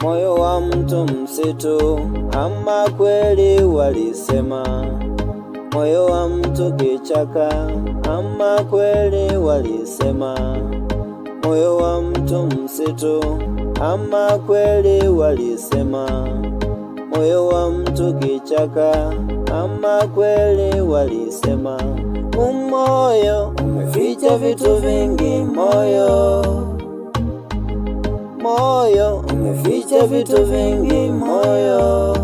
moyo wa mtu msitu, ama kweli walisema. Moyo wa mtu kichaka, ama kweli walisema. Moyo wa mtu msitu, ama kweli walisema. Moyo wa mtu kichaka, ama kweli walisema. Umoyo umeficha vitu vingi, moyo moyo umeficha vitu vingi, moyo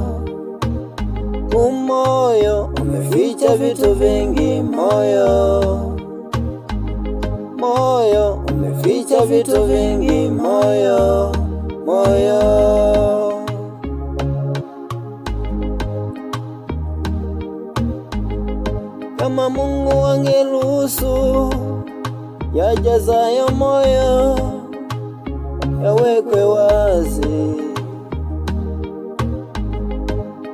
umoyo umeficha vitu vingi, moyo moyo umeficha vitu vingi, moyo moyo Kama Mungu angeruhusu yajazayo moyo yawekwe wazi.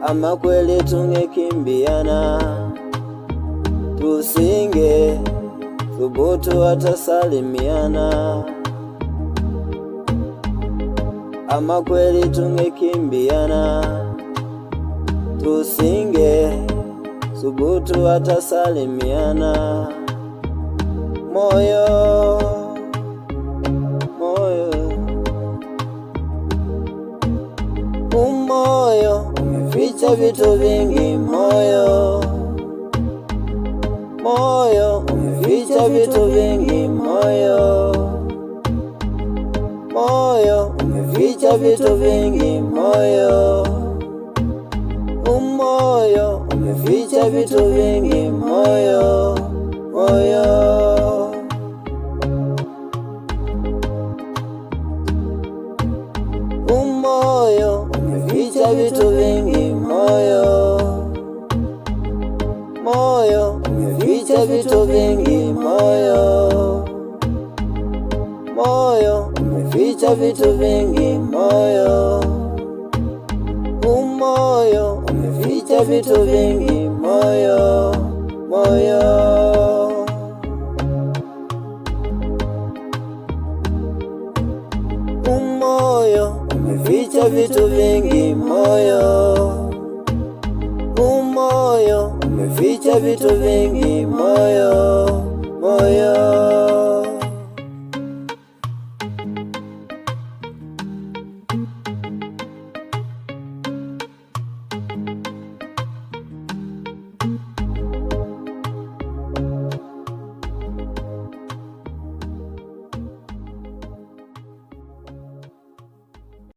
Ama kweli tungekimbiana, tusinge thubutu atasalimiana Ama kweli tungekimbiana, tusinge thubutu hata moyo wangu moyo, umeficha vitu vingi moyo, moyo, umeficha vitu vingi moyo, moyo, umeficha vitu vingi moyo, umoyo, umeficha vitu vingi moyo, moyo moyo umeficha vitu vingi moyo, moyo umeficha vitu vingi moyo, moyo umeficha vitu vingi moyo, umoyo umeficha vitu vingi moyo, moyo umeficha vitu vingi moyo, umoyo umeficha vitu vingi moyo, moyo